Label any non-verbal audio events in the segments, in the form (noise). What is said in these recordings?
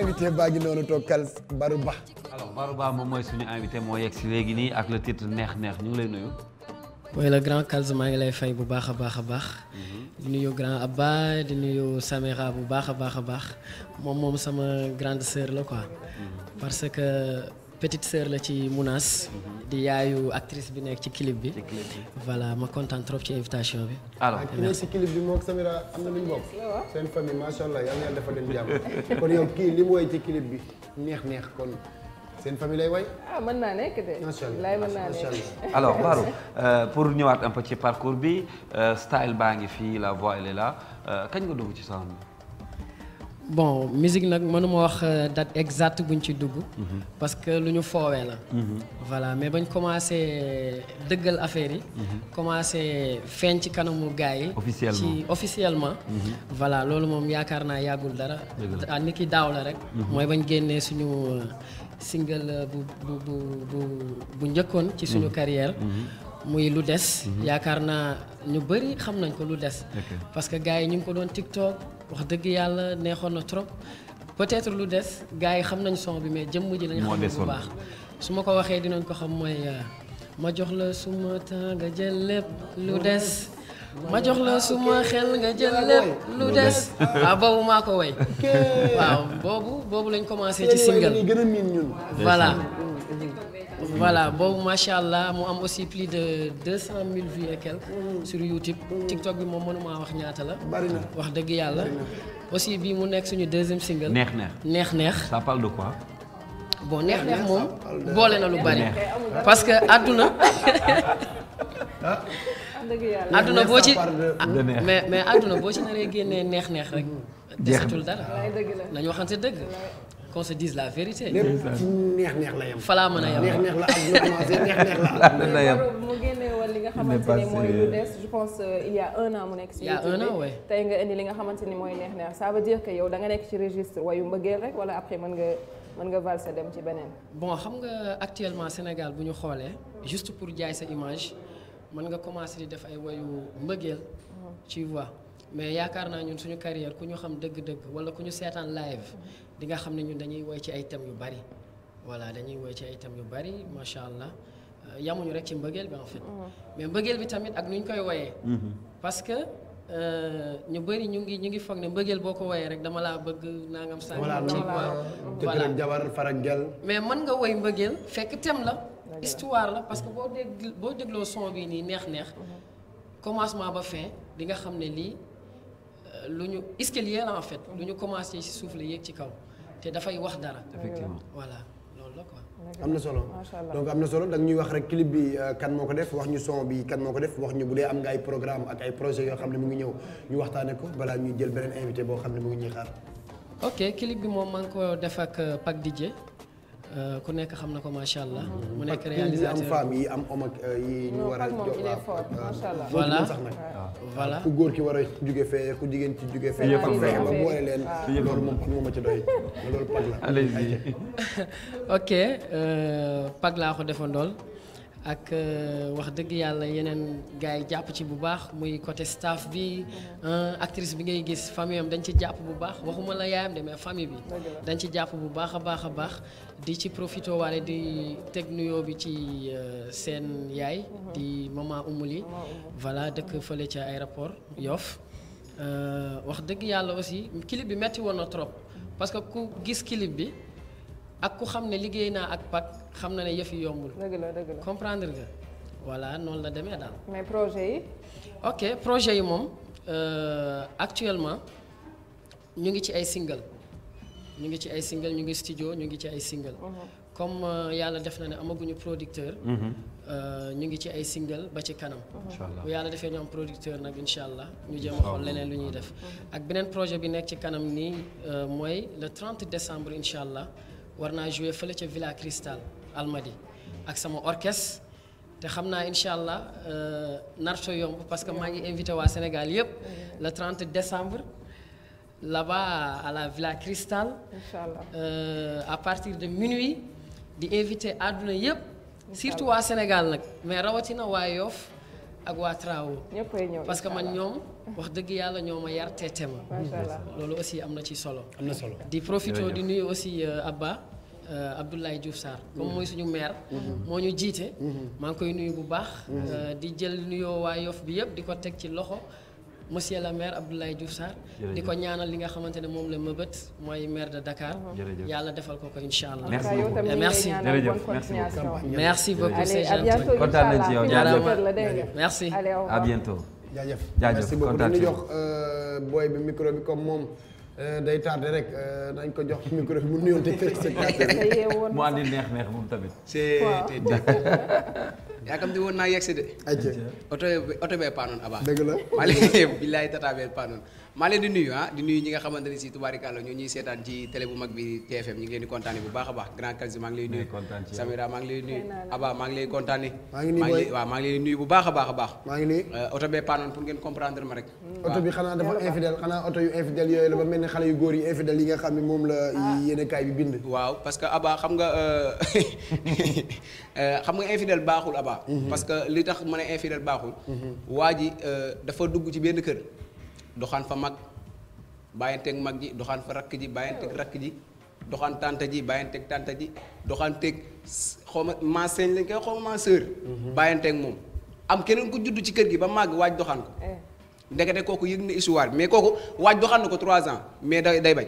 invité baa ngi noonu toog kal Barou Ba. alors moom mooy suñu invité moo yegg si léegi nii ak le titre neex-neex ñu ngi lay nuyu. mooy le grand Kals maa ngi lay fay bu baax a baax a baax. Mhm. di nuyu grand Abba di nuyu Samira bu baax a baax a baax moom moom sama grande sœur la quoi. Mhm. parce que petite sœur la ci Mounas. Mhm. di yaayu actrice bi nekk ci clip bi. ci clip bi voilà ma kontaan trop ci invitation bi. alors ak ki nekk si clip bi moom Samira am na seen famille macha allah yal na yàlla (laughs) li mu woy ci clip bi neex neex kon. seen famille lay way ah mën naa nekk de. macha allah alors (laughs) Barou euh, pour ñëwaat un ci parcours bi euh, style baa ngi fii la voix la euh, kañ nga dugg ci sound bon musique nag mënuma wax euh, date exacte buñ ci dugg. Mhm. parce que lu ñu foowee la. Mhm. voilà mais bañ commencé dëggal affaire yi. Mhm. commencé feeñ ci kanamu gars yi. ci officiellement. voilà loolu moom yaakaar naa yàggul dara. ah ni ki daaw la rek. mooy bañ génnee suñu euh, single euh, bu bu bu bu bu njëkkoon. ci suñu carrière. muy lu des. yaakaar naa ñu bëri xam nañ ko lu des. parce que ñu ngi ko doon TikTok. wax dëgg yàlla neexoon na trop peut-être lu des gars yi xam nañ son bi mais jëmm ji lañ xam bu baax su ma ko waxee dinañ ko xam mooy euh, ma jox la suma temps nga jël lépp lu des ma jox la suma xel nga jël lépp lu des waaw (laughs) ah, boobu maa ko woy waaw boobu boobu lañ commencé ci single voilà Mm. voilà boobu macha allah mu am aussi plus de deux cent mille vues et quelques mm. sur YouTube mm. TikTok bi moom mënumaa wax ñaata la. bari na wax dëgg yàlla. aussi bii mu nekk suñu deuxième single. neex neex neex neex. ça parle de quoi. bon neex moom boole na lu bari. parce que àdduna. (laughs) Ah. (laughs) àdduna boo ci ah, mais mais àdduna boo ci naree génnee neex neex rek. desatul dara nañu waxante dëgg. qu'on se dise la vérité. lépp ci neex neex la yem. falaa mën a yem neex neex la ak ñu commencé la. am na yem mu génne woon li nga xamante ne mooy lu des je pense euh, mu nekk si. il tey nga indi li nga xamante ni mooy neex neex ça veut dire que yow da nga nekk ci registre wayu mbëggeel rek wala après mën nga mën nga sa dem ci beneen. bon xam nga actuellement Sénégal bu ñu xoolee. juste pour jaay sa image mën nga commencer di def ay wayu mbëggeel. Mhm. tu vois. mais yaakaar naa ñun suñu carrière ku ñu xam dëgg-dëgg wala ku ñu seetaan live dinga xam ne ñun dañuy woy ci ay thèmes yu bari voilà dañuy woy ci ay thèmes yu bari macha allah euh, yamuñu rek ci mbëggeel bi mm-hmm. mais mbëggeel bi tamit ak nu koy woyee. Mm-hmm. parce que euh, ñu bëri ñu ngi ñu ngi foog ne mbëggeel boo ko woyee rek dama laa bëgg nangam sànq. voilà voilà te jabar farangel mais mën nga woy mbëggeel fekk tem la. histoire la parce que boo dégg boo dégloo son bi nii neex-neex. Mm-hmm. commencement ba fin di nga xam ne lii. lu ñu escalier la en fait lu ñu commencé si suuf la yéeg ci kaw te dafay wax dara. effectivement voilà loolu la quoi. am na solo donc am na solo da ñuy wax rek clip bi euh, kan moo ko def wax ñu son bi kan moo ko def wax ñu bu dee am nga ay programme ak ay projet yoo xam ne mu ngi ñëw ñu waxtaane ko balaa ñuy jël beneen invité boo xam ne mu ngi ñuy xaar. ok clip bi moom maa ngi ko def ak euh, Pape Didier. Euh, ku nekk xam na ko macha allah. Mm-hmm. mu nekk réalisateur yi am femme yi am homme ak euh, yi ñu war a jox waaw euh, voilà voilà ku góor ki war a jóge fee ku jigéen ci juge fee. yëpp am ba boole leen. Ah. loolu moom Pag moom a ci doy (laughs) loolu Pag la. allez-y (laughs) ok Pag laa ko defandool. ak euh, wax dëgg yàlla yeneen gars yi jàpp ci bu baax muy côté staff bi actrice bi ngay gis famille am dañ ci jàpp bu baax waxuma la yaayam de mais famille bi dañ ci jàpp bu baax a baax a baax di ci profité waale di teg nuyoo bi ci euh, seen yaay mhm. di maman Oumouli voilà dëkk fële ca aéroport Yoff euh, wax dëgg yàlla aussi clip bi metti woon na trop parce ku gis clip bi ak ku xam ne liggéey naa ak PAK xam na ne yëf yi yombul. dëgg la dëgg comprendre nga voilà noonu la demee daal. mais projet yi. ok projet yi moom euh, actuellement ñu ngi ci ay single ñu ngi ci ay single ñu ngi studio ñu ngi ci ay single. Mhm. comme euh, yàlla def na ne amaguñu producteur. Mhm. Euh, ñu ngi ci ay single ba ci kanam. Mhm. bu yàlla defee ñoom am producteur nag incha allah ñu jéem xool leneen lu ñuy def. ak beneen projet bi nekk ci kanam nii mooy le 30 décembre incha allah. war naa jouer fële ca Villa Cristal Almadi ak sama orchestre te xam naa incha allah euh, narto yomb parce que maa ngi invité waa Sénégal yëpp le trente décembre la ba à la Villa Cristal incha allah euh, à partir de minuit di invité àdduna yëpp surtout waa Sénégal nag mais rawatina waa Yoff ak waa Trawo parce que man ñoom wax dëgg yàlla ñoo ma yar teete ma loolu aussi am na ci solo am na solo di profito di nuyu aussi euh, Abba Euh, Abdoulaye Diouf Sarr. comme mm-hmm. mooy suñu maire. Mm-hmm. moo ñu jiite. Mm-hmm. maa ngi koy nuyu bu baax. di jël nuyoo waa Yoff bi yëpp di ko teg ci loxo. monsieur le maire Abdoulaye Diouf Sarr di ko ñaanal li nga xamante ne moom la mëbët mooy maire de Dakar yàlla defal ko ko incha allah merci beaucoup merci merci beaucoup c'est gentil kontaan nañ ci yow jaajëf merci à bientôt jaajëf jaajëf merci beaucoup euh, booy bi micro bi comme moom Euh, day tardé rek dañ euh, ko jox micro bi mu nuyoon te spectateur mu andi neex neex moom tamit yaakaar woon naa yegg si de oto oto bee paanoon abaa dëgg la maa leen billaay tataa paanoon maa leen di nuyu ah di nuyu ñi nga xamante ne si tubaarikàlla ñoo ñuy seetaan ci télé bu mag bi TFM ñu ngi leen di kontaane bu baax a baax grand Kalsi maa ngi lay nuyu Samira maa ngi lay nuyu bu baax a baax a baax maa ngi nuyu euh, oto bee paanoon pour ngeen comprendre ma rek mm. oto bi xanaa dafa infidèle xanaa oto yu infidèle yooyu la ba mel ne xale yu góor yu infidèle yi nga xam ne moom la ah. yéene kaay bi bind waaw parce que xam nga euh, (laughs) euh, xam nga infidèle baaxul Aba mm-hmm. parce que li tax ma ne infidèle baaxul mm-hmm. waa ji dafa dugg ci benn kër doxaan fa mag bàyyanteeg mag ji doxaan fa rakk ji bàyyanteeg rakk ji doxaan tante ji bàyyanteeg tante ji doxaanteeg xaw ma ma sëñ lañ koy xaw ma sœur mhm. bàyyanteeg moom am keneen ku judd ci kër gi ba màgg waaj doxaan ko eh. ndekete kooku yëg na histoire bi mais kooku waaj doxaan na ko trois ans mais day day bañ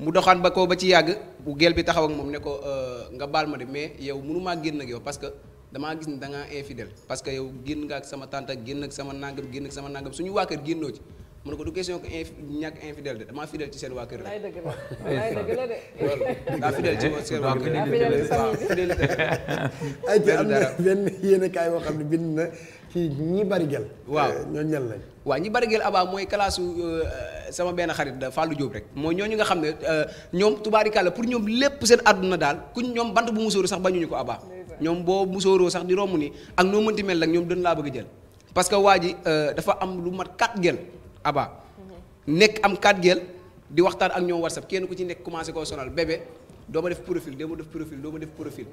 mu doxaan ba ko ba ci yàgg bu gel bi taxaw ak moom ne ko euh, nga baal ma de mais yow mënumaa génn ak yow parce que damaa gis ne da ngaa infidèle parce que yow génn nga ak sama tante génn ak sama nangam génn ak sama nangam suñu waa kër génnoo ci mu ne ko du question que inf ñàkk infidèle de damaa fidèle ci seen waa kër rek. dëgg la de. daa fidèle ci seen waa kër rek waaw fidélité la. am na benn yéen a kaay boo xam ne bind na ci ñi bari gel. waaw euh, ñooñu ñan lañ. waaw ñi bari gel abaa mooy kalaasu euh, sama benn xarit da Fallou Diop rek. mooy ñooñu nga xam ne euh, ñoom tubaarikàlla pour ñoom lépp seen àdduna daal kuñ ñoom bant bu musóoru sax bañuñu ko abaa. ñoom boo musóoroo sax di romb ni ak noo mënti mel nag ñoom dañ laa bëgg jël parce que waa ji dafa am lu mat 4 gel Aba. nekk am quatre gel di waxtaan ak ñoom whatsapp kenn ku ci nekk commencé koo sonal bébé doo def profil doo ma def profil doo ma def profil.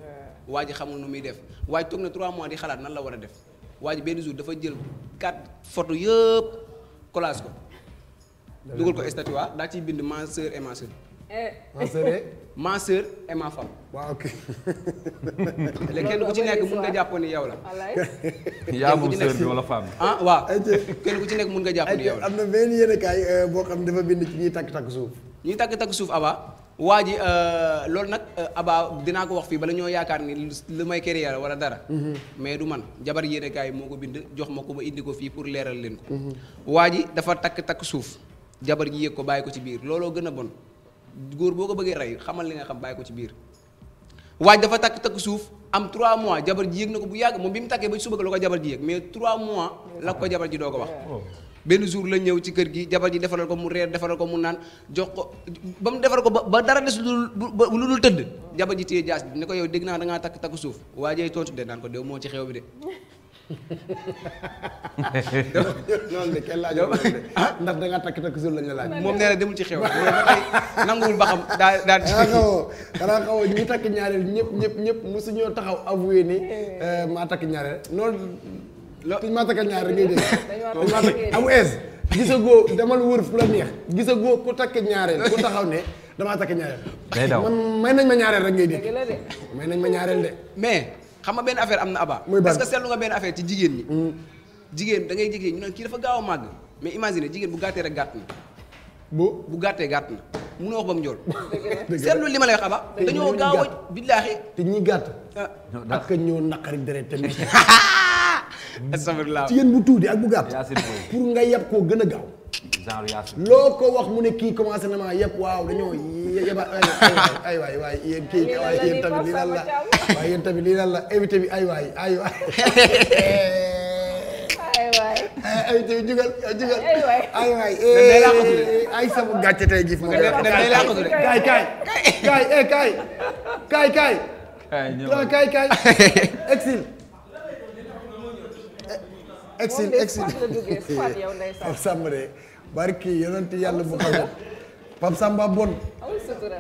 waa ji xamul nu muy def waa ji toog na trois mois di xalaat nan la war a def waa benn jour dafa jël quatre photo yëpp collage ko. dugal ko statut daa ciy bind ma sœur et ma Eh. ma sœur et. ma (laughs) kenn ku ci nekk mun nga jàpp ni yow la. (laughs) yaa moom sœur bi wala femme. ah waaw kenn ku ci nekk mun nga jàpp ni yow la. am na benn yenn kaay euh, boo xam dafa bind ci ñuy takk takk suuf. ñuy takk takk suuf Aba. waa ji euh, loolu nag euh, Aba dinaa ko wax fii bala ñoo yaakaar ni lu may kër yàlla wala dara. Mhm. mais du man jabar yéene kaay moo ko bind jox ma ko ba indi ko fii pour leeral leen ko. Mhm. waa ji dafa takk takk suuf. jabar ji yëg ko bàyyi ko ci biir looloo gën a bon. góor boo ko bëggee rey xamal li nga xam bàyyi ko ci biir waaj dafa takk takk suuf am trois mois jabar ji yéeg na ko bu yàgg moom bi mu takkee ba suba la ko jabar ji yëg mais 3 mois la ko jabar ji doo ko wax. benn jour la ñëw ci kër gi jabar ji defaral ko mu reer defaral ko mu naan jox ko ba mu defar ko ba dara des lu lu dul tëdd. jabar ji téye jaas bi ne ko yow dégg naa da ngaa takk takk suuf waajee tontu de naan ko dew moo ci xew bi de. (laughs) loolu de kenn laajoo ah ndax da ngaa takk takk suul lañ laaj. moom nee na demul ci xew loolu ba tey nanguwul ba xam daa daa. (laughs) xanaa takk ñaareel ñëpp ñëpp ñëpp mosuñoo taxaw avoué eh. eh, maa takk ñaareel noonu. lo maa takk ñaareel demal wër la gisagoo ku takk ñaareel ku taxaw ne damaa takk ñaareel. day daw man may nañ ma ñaareel rek ngay dégg. may nañ ma ñaareel de mais. xam nga benn affaire am na abaa est-ce que seetlu nga benn affaire ci jigéen ñi mm. jigéen da ngay jigéen ñu naan kii dafa gaaw a màgg mais imagine jigéen bu gàttee rek gàtt na bu bu gàttee gàtt na mënoo wax ba mu njool (laughs) seetlu li ma lay wax aba dañoo gaaw a billaahi te ñi gàtt ah. ak ñoo naqari deret tamit (laughs) astafirlah jigéen bu tuuti ak bu gàtt pour nga yab koo gën a gaaw loo ko wax mu ne kii commencé na maa yab waaw dañoo yeba ay waay waay yéen kii waay yéen tamit lii lan la waay yéen tamit lii lan la invité bi ay waay ay waay (laughs) eh, invité bi jugal eh, jugal eh, ay waay ay sama gàcce tey gif moom kaay kaay kaay eh kaay kaay kaay kaay kaay exil exil exil Pape Samba de barki yonent yàlla bu xam Pape Samba bon yow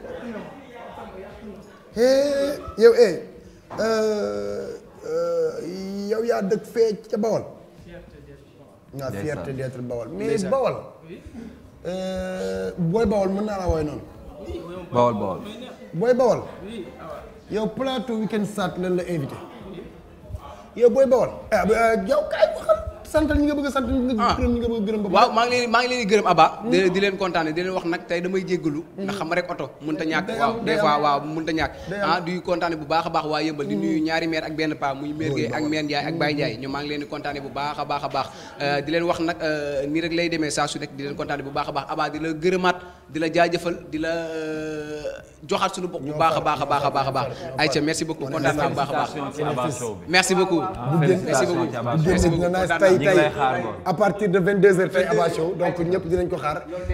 eh yow bawl dëkk fee ca Bawol. waaw fierté d'être Bawol mais Bawol. Euh, booy Bawol mën naa la wooy noonu. Bawol Bawol. yow plateau weekend start la invité. yow booy Bawol. ah euh, yow kaay waxal. santal ñi nga bëgg a sant ñi nga gërëm ñi nga a gërëm ba waaw maa ngi leen maa gërëm Abba di leen kontaane di leen wax nag tey damay jéggalu mm-hmm. ndax xam rek oto mën ta ñàkk waaw des waaw mën ta ñàkk ah kontaane bu baax a baax waa yëmbal di mm-hmm. nuyu ñaari meer ak benn paa muy maire Gueye ak maire Ndiaye ak Baye Ndiaye ñoom mm-hmm. maa ngi leen kontaane bu baax a baax a baax euh, di leen wax nag euh, nii rek lay demee saa su nekk di leen kontaane bu baax a baax Abba di la gërëmaat di la jaajëfal di la euh, joxaat suñu bopp bu baax a baax a baax a baax a baax ayca merci beaucoup kontaan naa bu baax a baax merci beaucoup merci beaucoup tey partir de 22h tey Abba Show donc ñëpp dinañ ko xaar.